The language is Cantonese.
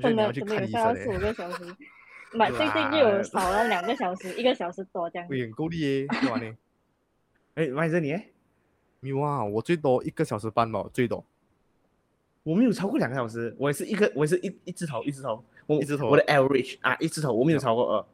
真的，我怎麼有效？四五個小時，買最近又有少了兩個小時， 一個小時多這樣。夠力耶，你話、啊、呢？哎、 欸，麥在你？冇啊，我最多一個小時半咯、哦，最多。我沒有超過兩個小時，我也是一個，我也是一一隻頭，一隻頭，一隻頭，我，頭我的 average、嗯、啊，一隻頭，我沒有超過二。